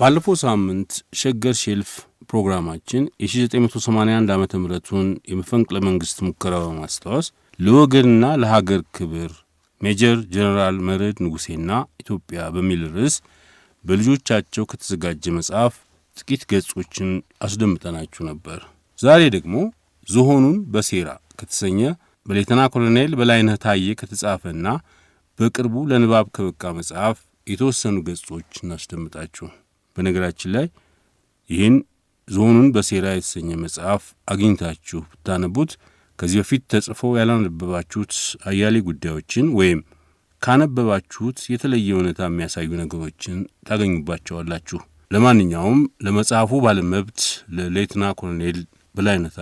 ባለፈው ሳምንት ሸገር ሼልፍ ፕሮግራማችን የ1981 ዓ ምቱን የመፈንቅለ መንግሥት ሙከራ በማስታወስ ለወገንና ለሀገር ክብር ሜጀር ጀነራል መርዕድ ንጉሴና ኢትዮጵያ በሚል ርዕስ በልጆቻቸው ከተዘጋጀ መጽሐፍ ጥቂት ገጾችን አስደምጠናችሁ ነበር። ዛሬ ደግሞ ዝሆኑን በሴራ ከተሰኘ በሌተና ኮሎኔል በላይነህ ታዬ ከተጻፈና በቅርቡ ለንባብ ከበቃ መጽሐፍ የተወሰኑ ገጾች እናስደምጣችሁ። በነገራችን ላይ ይህን ዞኑን በሴራ የተሰኘ መጽሐፍ አግኝታችሁ ብታነቡት ከዚህ በፊት ተጽፎ ያላነበባችሁት አያሌ ጉዳዮችን ወይም ካነበባችሁት የተለየ እውነታ የሚያሳዩ ነገሮችን ታገኙባቸዋላችሁ። ለማንኛውም ለመጽሐፉ ባለመብት ለሌትና ኮሎኔል በላይነህ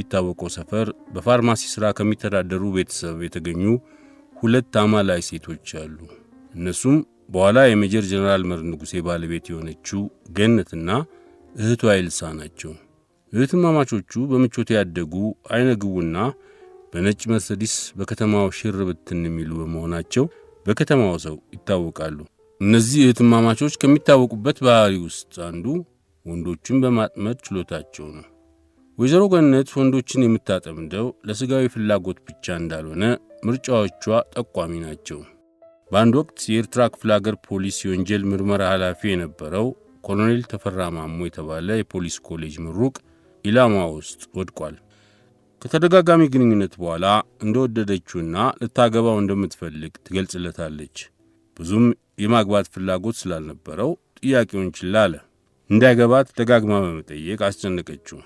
የሚታወቀው ሰፈር በፋርማሲ ሥራ ከሚተዳደሩ ቤተሰብ የተገኙ ሁለት አማላይ ሴቶች አሉ። እነሱም በኋላ የሜጀር ጀነራል መር ንጉሴ ባለቤት የሆነችው ገነትና እህቷ አይልሳ ናቸው። እህትማማቾቹ በምቾት ያደጉ አይነ ግቡና በነጭ መርሰዲስ በከተማው ሽር ብትን የሚሉ በመሆናቸው በከተማው ሰው ይታወቃሉ። እነዚህ እህትማማቾች ከሚታወቁበት ባህሪ ውስጥ አንዱ ወንዶችን በማጥመድ ችሎታቸው ነው። ወይዘሮ ገነት ወንዶችን የምታጠምደው ለሥጋዊ ፍላጎት ብቻ እንዳልሆነ ምርጫዎቿ ጠቋሚ ናቸው። በአንድ ወቅት የኤርትራ ክፍለ አገር ፖሊስ የወንጀል ምርመራ ኃላፊ የነበረው ኮሎኔል ተፈራ ማሞ የተባለ የፖሊስ ኮሌጅ ምሩቅ ኢላማ ውስጥ ወድቋል። ከተደጋጋሚ ግንኙነት በኋላ እንደወደደችውና ልታገባው እንደምትፈልግ ትገልጽለታለች። ብዙም የማግባት ፍላጎት ስላልነበረው ጥያቄውን ችላ አለ። እንዳያገባት ደጋግማ በመጠየቅ አስጨነቀችው።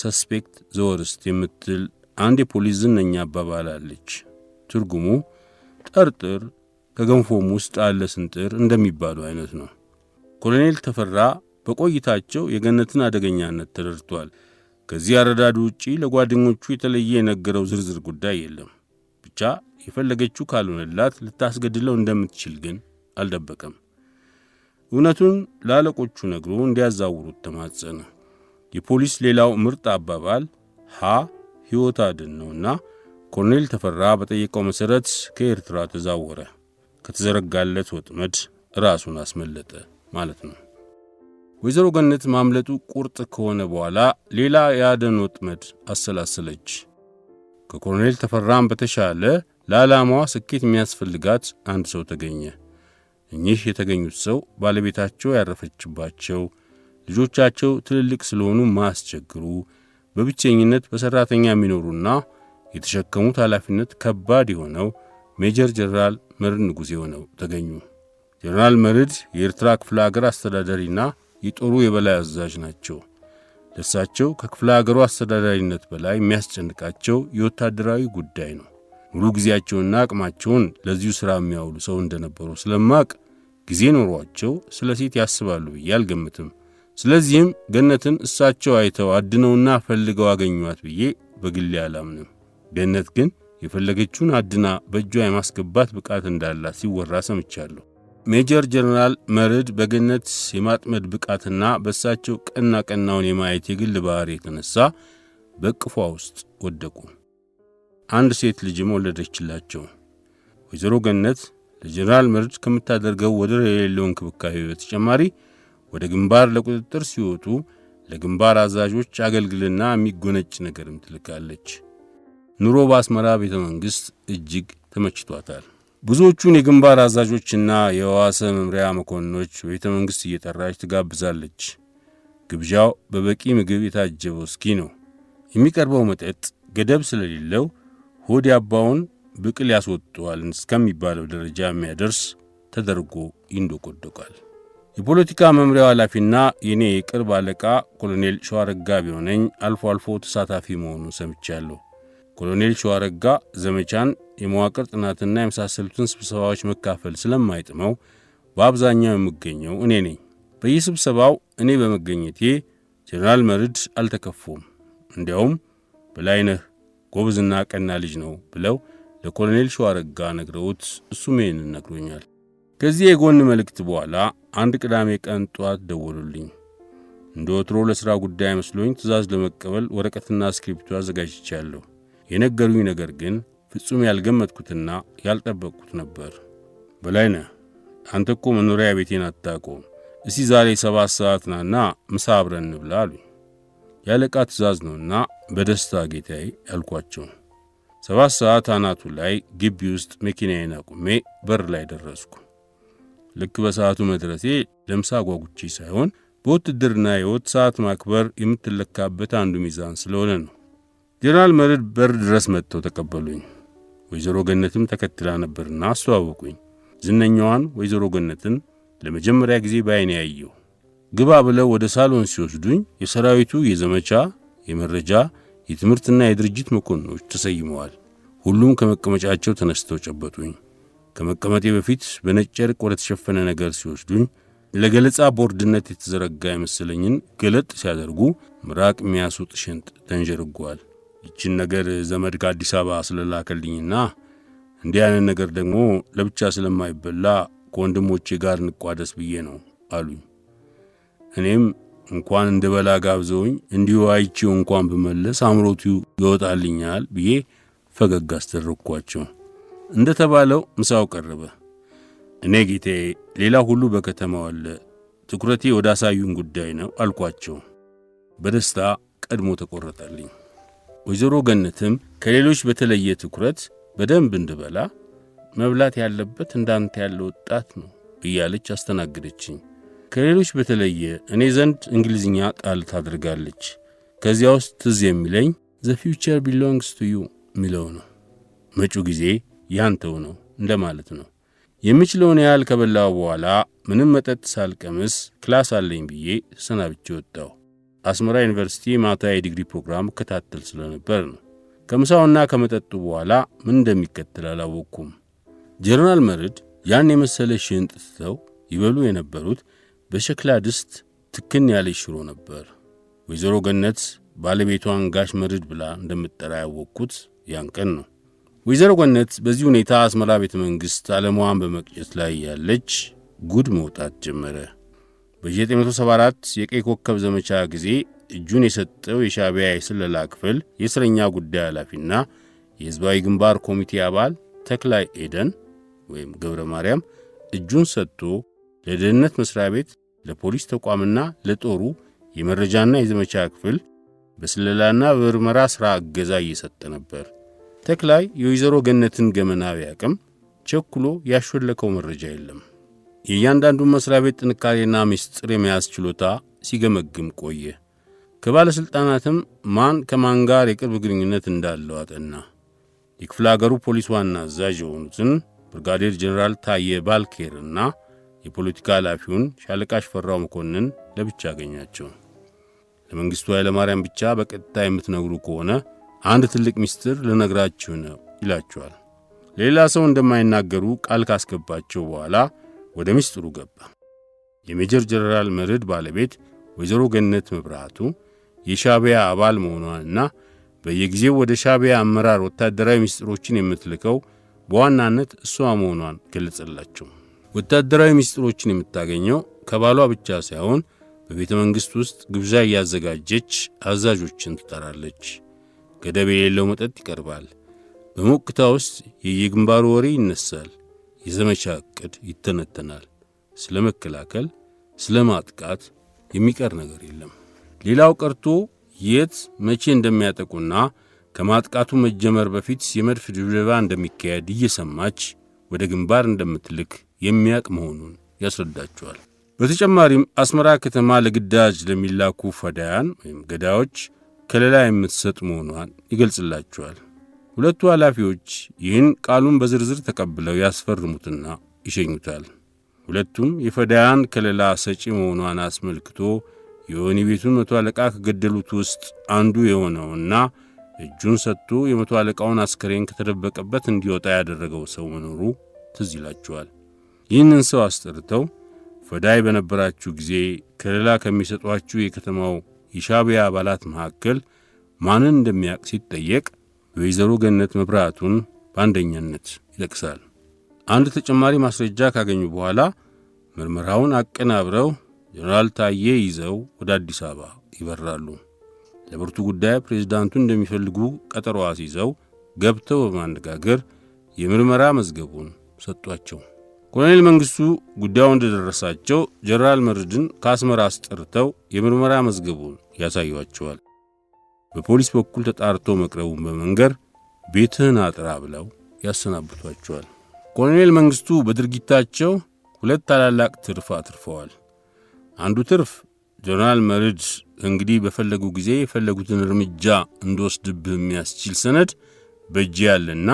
ሰስፔክት ዘወርስት የምትል አንድ የፖሊስ ዝነኛ አባባል አለች። ትርጉሙ ጠርጥር ከገንፎም ውስጥ አለ ስንጥር እንደሚባሉ አይነት ነው። ኮሎኔል ተፈራ በቆይታቸው የገነትን አደገኛነት ተረድቷል። ከዚህ አረዳዱ ውጪ ለጓደኞቹ የተለየ የነገረው ዝርዝር ጉዳይ የለም። ብቻ የፈለገችው ካልሆነላት ልታስገድለው እንደምትችል ግን አልደበቀም። እውነቱን ለአለቆቹ ነግሮ እንዲያዛውሩት ተማጸነ። የፖሊስ ሌላው ምርጥ አባባል ሀ ሕይወት አድን ነውና ኮርኔል ተፈራ በጠየቀው መሠረት ከኤርትራ ተዛወረ። ከተዘረጋለት ወጥመድ ራሱን አስመለጠ ማለት ነው። ወይዘሮ ገነት ማምለጡ ቁርጥ ከሆነ በኋላ ሌላ የአደን ወጥመድ አሰላሰለች። ከኮርኔል ተፈራም በተሻለ ለዓላማዋ ስኬት የሚያስፈልጋት አንድ ሰው ተገኘ። እኚህ የተገኙት ሰው ባለቤታቸው ያረፈችባቸው ልጆቻቸው ትልልቅ ስለሆኑ ማያስቸግሩ፣ በብቸኝነት በሠራተኛ የሚኖሩና የተሸከሙት ኃላፊነት ከባድ የሆነው ሜጀር ጀነራል መርዕድ ንጉሤ ሆነው ተገኙ። ጀነራል መርዕድ የኤርትራ ክፍለ አገር አስተዳዳሪና የጦሩ የበላይ አዛዥ ናቸው። ደሳቸው ከክፍለ አገሩ አስተዳዳሪነት በላይ የሚያስጨንቃቸው የወታደራዊ ጉዳይ ነው። ሙሉ ጊዜያቸውንና አቅማቸውን ለዚሁ ሥራ የሚያውሉ ሰው እንደነበሩ ስለማቅ ጊዜ ኖሯቸው ስለ ሴት ያስባሉ ብዬ አልገምትም። ስለዚህም ገነትን እሳቸው አይተው አድነውና ፈልገው አገኟት ብዬ በግሌ አላምንም። ገነት ግን የፈለገችውን አድና በእጇ የማስገባት ብቃት እንዳላት ሲወራ ሰምቻለሁ። ሜጀር ጀነራል መርድ በገነት የማጥመድ ብቃትና በእሳቸው ቀና ቀናውን የማየት የግል ባህሪ የተነሳ በቅፏ ውስጥ ወደቁ። አንድ ሴት ልጅም ወለደችላቸው። ወይዘሮ ገነት ለጀነራል መርድ ከምታደርገው ወደር የሌለው እንክብካቤ በተጨማሪ ወደ ግንባር ለቁጥጥር ሲወጡ ለግንባር አዛዦች አገልግልና የሚጎነጭ ነገርም ትልካለች። ኑሮ በአስመራ ቤተ መንግሥት እጅግ ተመችቷታል። ብዙዎቹን የግንባር አዛዦችና የዋሰ መምሪያ መኮንኖች በቤተ መንግሥት እየጠራች ትጋብዛለች። ግብዣው በበቂ ምግብ የታጀበው እስኪ ነው። የሚቀርበው መጠጥ ገደብ ስለሌለው ሆድ ያባውን ብቅል ያስወጥተዋል እስከሚባለው ደረጃ የሚያደርስ ተደርጎ ይንዶቆደቋል። የፖለቲካ መምሪያው ኃላፊና የኔ የቅርብ አለቃ ኮሎኔል ሸዋረጋ ቢሆነኝ አልፎ አልፎ ተሳታፊ መሆኑን ሰምቻለሁ። ኮሎኔል ሸዋረጋ ዘመቻን፣ የመዋቅር ጥናትና የመሳሰሉትን ስብሰባዎች መካፈል ስለማይጥመው በአብዛኛው የምገኘው እኔ ነኝ። በየስብሰባው እኔ በመገኘቴ ጀነራል መርድ አልተከፉም። እንዲያውም በላይነህ ጎበዝና ቀና ልጅ ነው ብለው ለኮሎኔል ሸዋረጋ ነግረውት እሱም ይህንን ነግሮኛል። ከዚህ የጎን መልእክት በኋላ አንድ ቅዳሜ ቀን ጠዋት ደወሉልኝ። እንደ ወትሮ ለሥራ ጉዳይ መስሎኝ ትእዛዝ ለመቀበል ወረቀትና እስክሪፕቶ አዘጋጅቻለሁ። የነገሩኝ ነገር ግን ፍጹም ያልገመጥኩትና ያልጠበቅኩት ነበር። በላይነህ አንተ እኮ መኖሪያ ቤቴን አታውቀውም። እስቲ ዛሬ ሰባት ሰዓት ናና ምሳ አብረን እንብላ አሉኝ። ያለቃ ትእዛዝ ነውና በደስታ ጌታዬ ያልኳቸው ሰባት ሰዓት አናቱ ላይ ግቢ ውስጥ መኪናዬን አቁሜ በር ላይ ደረስኩ። ልክ በሰዓቱ መድረሴ ለምሳ ጓጉቼ ሳይሆን በውትድርና ሕይወት ሰዓት ማክበር የምትለካበት አንዱ ሚዛን ስለሆነ ነው። ጄኔራል መርድ በር ድረስ መጥተው ተቀበሉኝ። ወይዘሮ ገነትም ተከትላ ነበርና አስተዋወቁኝ። ዝነኛዋን ወይዘሮ ገነትን ለመጀመሪያ ጊዜ በአይን ያየው ግባ ብለው ወደ ሳሎን ሲወስዱኝ የሰራዊቱ የዘመቻ የመረጃ የትምህርትና የድርጅት መኮንኖች ተሰይመዋል። ሁሉም ከመቀመጫቸው ተነስተው ጨበጡኝ። ከመቀመጤ በፊት በነጭ ጨርቅ ወደ ተሸፈነ ነገር ሲወስዱኝ ለገለጻ ቦርድነት የተዘረጋ የመሰለኝን ገለጥ ሲያደርጉ ምራቅ የሚያስውጥ ሽንጥ ተንዠርጓል። ይችን ነገር ዘመድ ከአዲስ አበባ ስለላከልኝና እንዲህ አይነት ነገር ደግሞ ለብቻ ስለማይበላ ከወንድሞቼ ጋር እንቋደስ ብዬ ነው አሉኝ። እኔም እንኳን በላ ጋብዘውኝ እንዲሁ አይቼው እንኳን ብመለስ አምሮቱ ይወጣልኛል ብዬ ፈገግ አስደረግኳቸው። እንደ ተባለው ምሳው ቀረበ። እኔ ጌታዬ፣ ሌላ ሁሉ በከተማው አለ፣ ትኩረቴ ወደ አሳዩን ጉዳይ ነው አልኳቸው። በደስታ ቀድሞ ተቆረጠልኝ። ወይዘሮ ገነትም ከሌሎች በተለየ ትኩረት በደንብ እንድበላ መብላት ያለበት እንዳንተ ያለ ወጣት ነው እያለች አስተናግደችኝ። ከሌሎች በተለየ እኔ ዘንድ እንግሊዝኛ ጣል ታደርጋለች። ከዚያ ውስጥ ትዝ የሚለኝ ዘ ፊውቸር ቢሎንግስ ቱ ዩ የሚለው ነው። መጪው ጊዜ ያንተው ነው እንደማለት ነው። የምችለውን ያህል ከበላው በኋላ ምንም መጠጥ ሳልቀምስ ክላስ አለኝ ብዬ ሰናብቼ ወጣሁ። አስመራ ዩኒቨርሲቲ ማታ የዲግሪ ፕሮግራም እከታተል ስለነበር ነው። ከምሳውና ከመጠጡ በኋላ ምን እንደሚከተል አላወቅኩም። ጀነራል መርድ ያን የመሰለ ሽንጥ ትተው ይበሉ የነበሩት በሸክላ ድስት ትክን ያለ ሽሮ ነበር። ወይዘሮ ገነት ባለቤቷን ጋሽ መርድ ብላ እንደምጠራ ያወቅኩት ያን ቀን ነው። ወይዘሮ ገነት በዚህ ሁኔታ አስመራ ቤተ መንግሥት ዓለማዋን በመቅጨት ላይ ያለች ጉድ መውጣት ጀመረ። በ1974 የቀይ ኮከብ ዘመቻ ጊዜ እጁን የሰጠው የሻቢያ የስለላ ክፍል የእስረኛ ጉዳይ ኃላፊና የሕዝባዊ ግንባር ኮሚቴ አባል ተክላይ ኤደን ወይም ገብረ ማርያም እጁን ሰጥቶ ለደህንነት መስሪያ ቤት፣ ለፖሊስ ተቋምና ለጦሩ የመረጃና የዘመቻ ክፍል በስለላና በምርመራ ሥራ እገዛ እየሰጠ ነበር። ተክላይ የወይዘሮ ገነትን ገመናዊ አቅም ቸኩሎ ያሾለከው መረጃ የለም። የእያንዳንዱን መሥሪያ ቤት ጥንካሬና ምስጢር የመያዝ ችሎታ ሲገመግም ቆየ። ከባለሥልጣናትም ማን ከማን ጋር የቅርብ ግንኙነት እንዳለው አጠና። የክፍለ አገሩ ፖሊስ ዋና አዛዥ የሆኑትን ብርጋዴር ጀኔራል ታየ ባልኬርና የፖለቲካ ኃላፊውን ሻለቃ ሽፈራው መኮንን ለብቻ አገኛቸው። ለመንግሥቱ ኃይለማርያም ብቻ በቀጥታ የምትነግሩ ከሆነ አንድ ትልቅ ምስጢር ልነግራችሁ ነው ይላችኋል። ሌላ ሰው እንደማይናገሩ ቃል ካስገባቸው በኋላ ወደ ምስጢሩ ገባ። የሜጀር ጀነራል መርዕድ ባለቤት ወይዘሮ ገነት መብራቱ የሻቢያ አባል መሆኗንና በየጊዜው ወደ ሻቢያ አመራር ወታደራዊ ምስጢሮችን የምትልከው በዋናነት እሷ መሆኗን ገለጸላቸው። ወታደራዊ ምስጢሮችን የምታገኘው ከባሏ ብቻ ሳይሆን በቤተ መንግሥት ውስጥ ግብዣ እያዘጋጀች አዛዦችን ትጠራለች። ገደብ የሌለው መጠጥ ይቀርባል። በሞቅታ ውስጥ የየግንባሩ ወሬ ይነሳል። የዘመቻ ዕቅድ ይተነተናል። ስለ መከላከል፣ ስለ ማጥቃት የሚቀር ነገር የለም። ሌላው ቀርቶ የት መቼ እንደሚያጠቁና ከማጥቃቱ መጀመር በፊት የመድፍ ድብደባ እንደሚካሄድ እየሰማች ወደ ግንባር እንደምትልክ የሚያውቅ መሆኑን ያስረዳቸዋል። በተጨማሪም አስመራ ከተማ ለግዳጅ ለሚላኩ ፈዳያን ወይም ገዳዮች ከሌላ የምትሰጥ መሆኗን ይገልጽላቸዋል። ሁለቱ ኃላፊዎች ይህን ቃሉን በዝርዝር ተቀብለው ያስፈርሙትና ይሸኙታል። ሁለቱም የፈዳያን ከለላ ሰጪ መሆኗን አስመልክቶ የወህኒ ቤቱን መቶ አለቃ ከገደሉት ውስጥ አንዱ የሆነውና እጁን ሰጥቶ የመቶ አለቃውን አስከሬን ከተደበቀበት እንዲወጣ ያደረገው ሰው መኖሩ ትዝ ይላቸዋል። ይህንን ሰው አስጠርተው ፈዳይ በነበራችሁ ጊዜ ከለላ ከሚሰጧችሁ የከተማው የሻቢያ አባላት መካከል ማንን እንደሚያውቅ ሲጠየቅ ወይዘሮ ገነት መብራቱን በአንደኛነት ይጠቅሳል። አንድ ተጨማሪ ማስረጃ ካገኙ በኋላ ምርመራውን አቀናብረው ጀኔራል ታዬ ይዘው ወደ አዲስ አበባ ይበራሉ። ለብርቱ ጉዳይ ፕሬዝዳንቱ እንደሚፈልጉ ቀጠሮ አስይዘው ገብተው በማነጋገር የምርመራ መዝገቡን ሰጧቸው። ኮሎኔል መንግሥቱ ጉዳዩ እንደደረሳቸው ጀነራል መርድን ከአስመራ አስጠርተው የምርመራ መዝገቡን ያሳዩአቸዋል። በፖሊስ በኩል ተጣርቶ መቅረቡን በመንገር ቤትህን አጥራ ብለው ያሰናብቷቸዋል። ኮሎኔል መንግሥቱ በድርጊታቸው ሁለት ታላላቅ ትርፍ አትርፈዋል። አንዱ ትርፍ ጀነራል መርድ እንግዲህ በፈለጉ ጊዜ የፈለጉትን እርምጃ እንደወስድብህ የሚያስችል ሰነድ በእጅ ያለና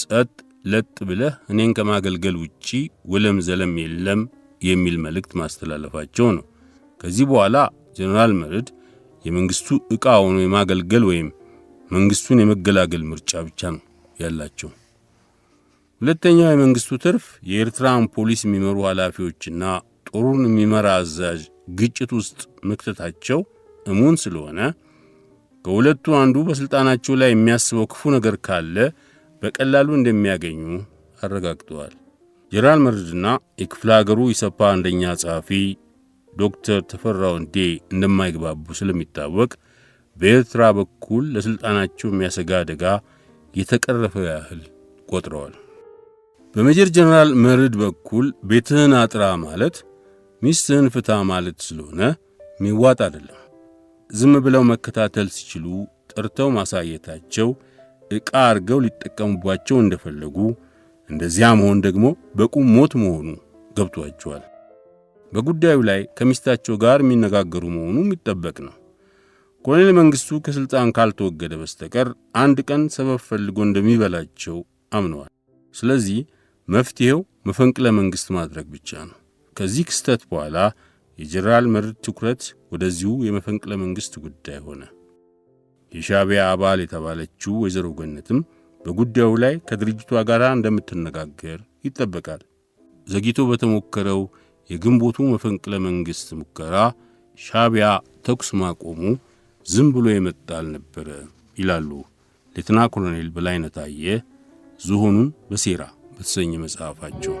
ጸጥ ለጥ ብለህ እኔን ከማገልገል ውጪ ውለም ዘለም የለም የሚል መልእክት ማስተላለፋቸው ነው። ከዚህ በኋላ ጀነራል መርድ የመንግስቱ ዕቃ ሆኖ የማገልገል ወይም መንግስቱን የመገላገል ምርጫ ብቻ ነው ያላቸው። ሁለተኛው የመንግስቱ ትርፍ የኤርትራን ፖሊስ የሚመሩ ኃላፊዎችና ጦሩን የሚመራ አዛዥ ግጭት ውስጥ መክተታቸው እሙን ስለሆነ ከሁለቱ አንዱ በሥልጣናቸው ላይ የሚያስበው ክፉ ነገር ካለ በቀላሉ እንደሚያገኙ አረጋግጠዋል። ጀነራል መርድና የክፍለ አገሩ ኢሰፓ አንደኛ ጸሐፊ ዶክተር ተፈራ ወንዴ እንደማይግባቡ ስለሚታወቅ በኤርትራ በኩል ለሥልጣናቸው የሚያሰጋ አደጋ የተቀረፈ ያህል ቆጥረዋል። በሜጀር ጀነራል መርድ በኩል ቤትህን አጥራ ማለት ሚስትህን ፍታ ማለት ስለሆነ ሚዋጥ አይደለም። ዝም ብለው መከታተል ሲችሉ ጠርተው ማሳየታቸው ዕቃ አድርገው ሊጠቀሙባቸው እንደፈለጉ፣ እንደዚያ መሆን ደግሞ በቁም ሞት መሆኑ ገብቷቸዋል። በጉዳዩ ላይ ከሚስታቸው ጋር የሚነጋገሩ መሆኑ የሚጠበቅ ነው። ኮሎኔል መንግሥቱ ከሥልጣን ካልተወገደ በስተቀር አንድ ቀን ሰበብ ፈልጎ እንደሚበላቸው አምነዋል። ስለዚህ መፍትሔው መፈንቅለ መንግሥት ማድረግ ብቻ ነው። ከዚህ ክስተት በኋላ የጀነራል መርድ ትኩረት ወደዚሁ የመፈንቅለ መንግሥት ጉዳይ ሆነ። የሻቢያ አባል የተባለችው ወይዘሮ ገነትም በጉዳዩ ላይ ከድርጅቷ ጋር እንደምትነጋገር ይጠበቃል። ዘግይቶ በተሞከረው የግንቦቱ መፈንቅለ መንግሥት ሙከራ ሻቢያ ተኩስ ማቆሙ ዝም ብሎ የመጣ አልነበረ ይላሉ ሌትና ኮሎኔል በላይነህ ታየ ዝሆኑን በሴራ በተሰኘ መጽሐፋቸው።